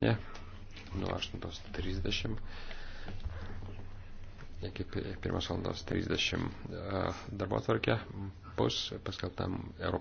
Ne, nuo 8.30 iki 1.30 darbo tvarkė bus paskelbtam Europos.